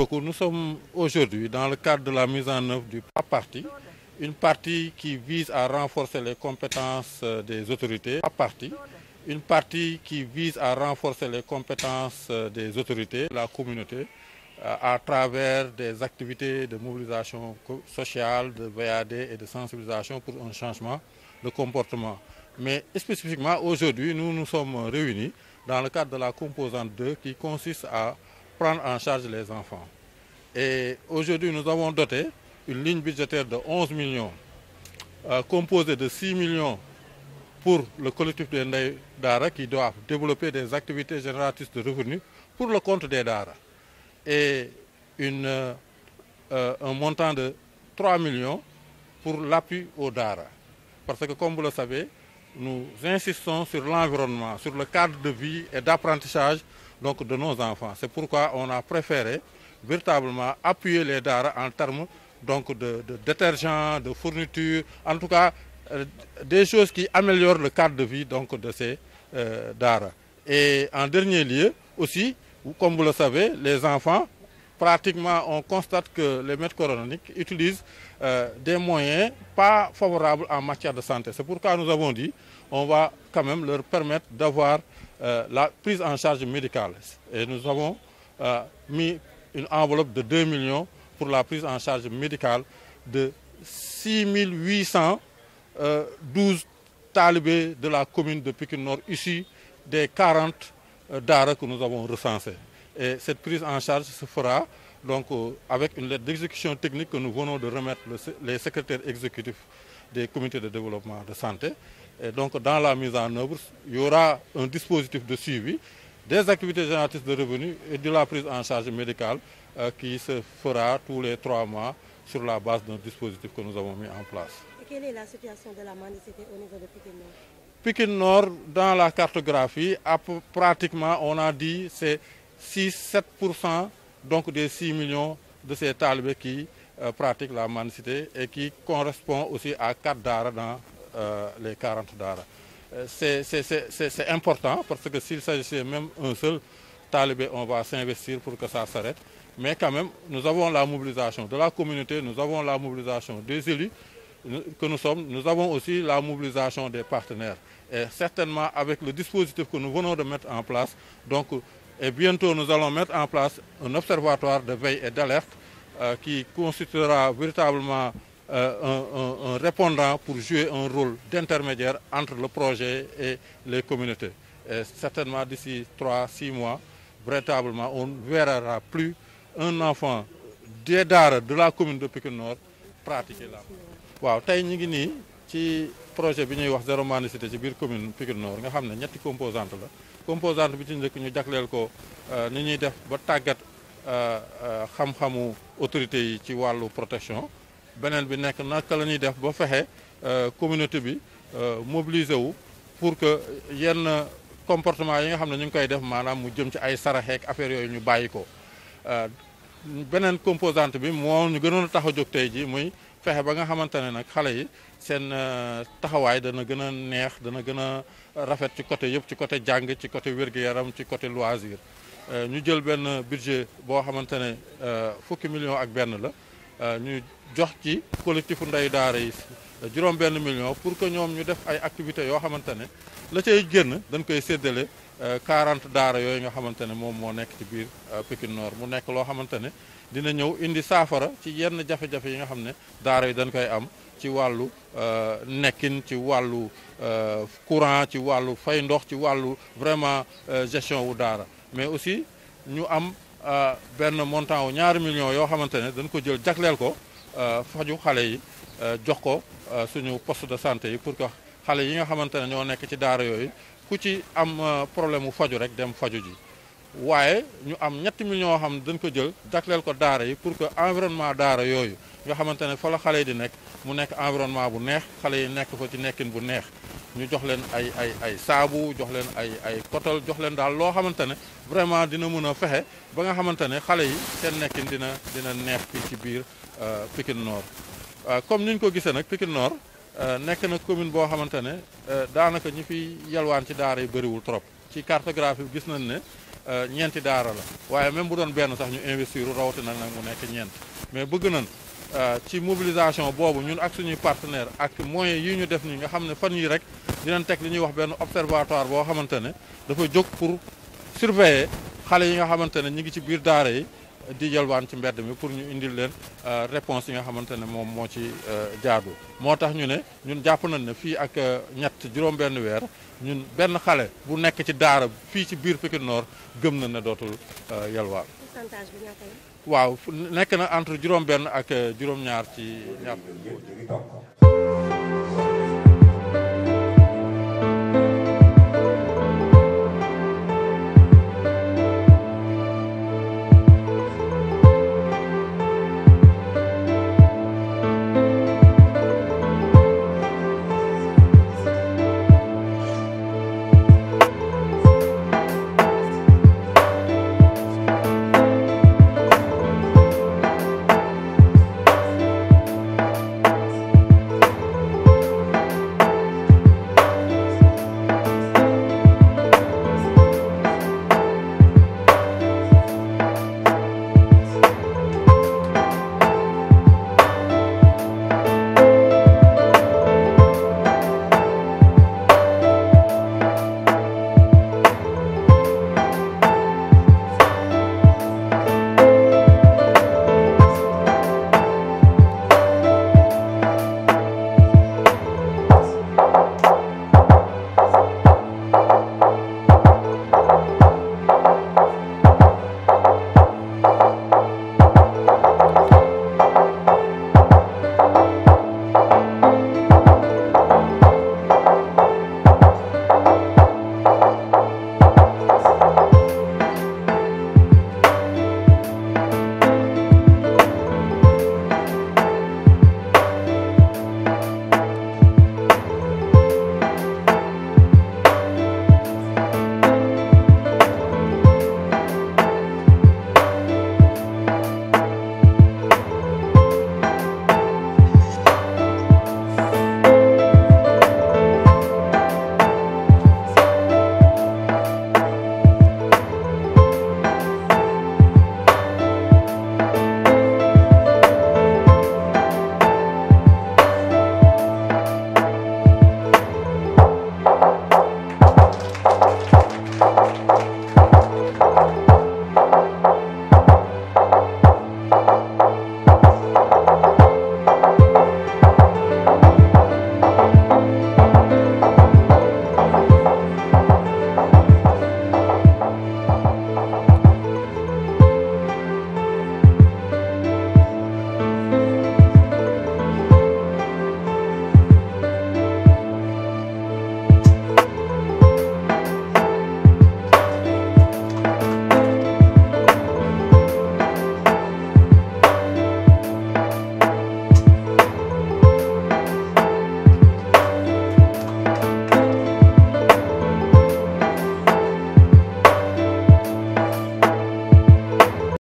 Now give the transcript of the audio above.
beaucoup. Nous sommes aujourd'hui dans le cadre de la mise en œuvre du parti, une partie qui vise à renforcer les compétences euh, des autorités, partie, une partie qui vise à renforcer les compétences euh, des autorités, la communauté, euh, à travers des activités de mobilisation sociale, de VAD et de sensibilisation pour un changement de comportement. Mais spécifiquement aujourd'hui, nous nous sommes réunis dans le cadre de la composante 2 qui consiste à prendre en charge les enfants. Et aujourd'hui, nous avons doté une ligne budgétaire de 11 millions, euh, composée de millions pour le collectif des Ndaï Dara qui doit développer des activités génératrices de revenus pour le compte des Dara. Et euh, un montant de 3 millions pour l'appui au Dara. Parce que comme vous le savez, nous insistons sur l'environnement, sur le cadre de vie et d'apprentissage donc, de nos enfants. C'est pourquoi on a préféré véritablement appuyer les daara en termes donc de, de détergents, de fournitures, en tout cas euh, des choses qui améliorent le cadre de vie donc, de ces euh, daara. Et en dernier lieu aussi, comme vous le savez, les enfants, pratiquement on constate que les maîtres coraniques utilisent euh, des moyens pas favorables en matière de santé. C'est pourquoi nous avons dit on va quand même leur permettre d'avoir euh, la prise en charge médicale. Et nous avons mis une enveloppe de 2 millions pour la prise en charge médicale de 6 812 euh, talibés de la commune de Pékin Nord, ici des 40 euh, daras que nous avons recensés. Et cette prise en charge se fera donc euh, avec une lettre d'exécution technique que nous venons de remettre le, les secrétaires exécutifs des comités de développement de santé. Et donc dans la mise en œuvre, il y aura un dispositif de suivi des activités génératrices de revenus et de la en charge médicale euh, qui se les trois mois sur la base d'un dispositif que nous avons mis dans la cartographie, à peu, pratiquement, on a dit c'est 6-7% donc des 6 millions de ces talibés qui euh, pratiquent la mendicité et qui correspond aussi à 4 daras dans euh, les 40 daras. Euh, c'est important parce que s'il s'agissait même un seul talibé, on va s'investir pour que ça s'arrête. Mais quand même, nous avons la mobilisation de la communauté, nous avons la mobilisation des élus que nous sommes, nous avons aussi la mobilisation des partenaires. Et certainement avec le dispositif que nous venons de mettre en place, donc, et bientôt nous allons mettre en place un observatoire de veille et d'alerte euh, qui constituera véritablement Euh, un, un, un répondant pour jouer un rôle d'intermédiaire entre le projet et les communautés. Et certainement d'ici trois 6 mois, véritablement, on ne plus un enfant des daara de la commune de Pikine Nord pratiquer la waaw tey ñu ngi nii ci projet bi ñuy wax zéro mendicité ci biir commune Pikine Nord nga xam ne ñetti composante la composante bi ci njëkk ñu jagleel ko euh, ni ñuy def ba tàggat euh, xam-xamu autorités yi ci wàllu protection beneen bi nekk naka la ñuy def ba fexe euh, communauté bi euh, mobiliser wu pour que yenn comportement yi nga xam ne ñu ngi koy def maanaam mu jëm ci ay saraxeek affaire yooyu ñu bàyyi ko euh, beneen composante bi moo ñu gënoon a tax a jóg tey jii muy fexe ba nga xamante ne nag xale yi seen taxawaay dana gën a neex dana gën a rafet ci côté yëpp ci côté jàng ci côté wér-gu-yaram ci côté loisir ñu jël benn budget boo xamante ne fukki million ak benn la Euh, ñu jox ci collectifu ndey daara yi juróom benn million pour que ñoom ñu def ay activités yoo xamante ne la cay génn dañ koy séddale 40 euh, daara yooyu nga xamante ne moom moo nekk ci biir euh, Pikine Nord mu nekk loo xamante ne dina ñëw indi saafara ci yenn jafe-jafe yi nga xam ne daara yi dañ koy am ci wàllu nekkin ci wàllu courant ci wàllu fay ndox ci wàllu vraiment gestion wu daara mais aussi ñu am Euh, benn montant wu ñaari millions yoo xamante ne dañ ko jël jagleel ko euh, faju xale yi euh, jox ko suñu post de santé yi pour que xale yi nga xamante ne ñoo nekk ci daara yooyu ku ci am problème mu faju rek dem faju ji waaye ñu am ñetti million yoo xam ne dañ ko jël jagleel ko daara yi pour que environnement daara yooyu nga xamante ne fa la xale yi di nekk mu nekk environnement bu neex xale yi nekk fa ci nekkin bu neex ñu jox leen ay ay ay saabu jox leen ay ay kotal jox leen daal loo xamante ne vraiment dina mën a fexe ba nga xamante ne xale yi seen nekkin dina dina neex fii ci biir euh, Pikine Nord. Euh, comme ni ñu ko gisee nag Pikine Nord euh, nekk na commune boo xamante ne daanaka ñi fi yalwaan ci daara yi bëriwul trop ci cartographie bi gis nañ ne ñeenti daara la waaye même bu doon benn sax ñu investir rawatina nag mu nekk ñeent mais bëgg nañ. Euh, ci mobilisation boobu ñun ak suñuy partenaire ak moyens yi ñu def nii nga xam ne fan yi rek dinañ teg li ñuy wax benn observatoire boo xamante ne dafa jóg pour surveiller xale yi nga xamante ne ñu ngi ci biir daara yi di yalwaan ci mbedd mi pour ñu indil leen euh, réponse yi nga xamante ne moom moo ci euh, jaadu moo tax ñu ne ñun jàpp nañ ne fii ak euh, ñett juróom-benn weer ñun benn xale bu nekk ci daara fii ci biir Pikine Nord gëm na ne dootul yalwaan waaw nekk na entre juróom-benn ak juróom-ñaar ci ñaar thank you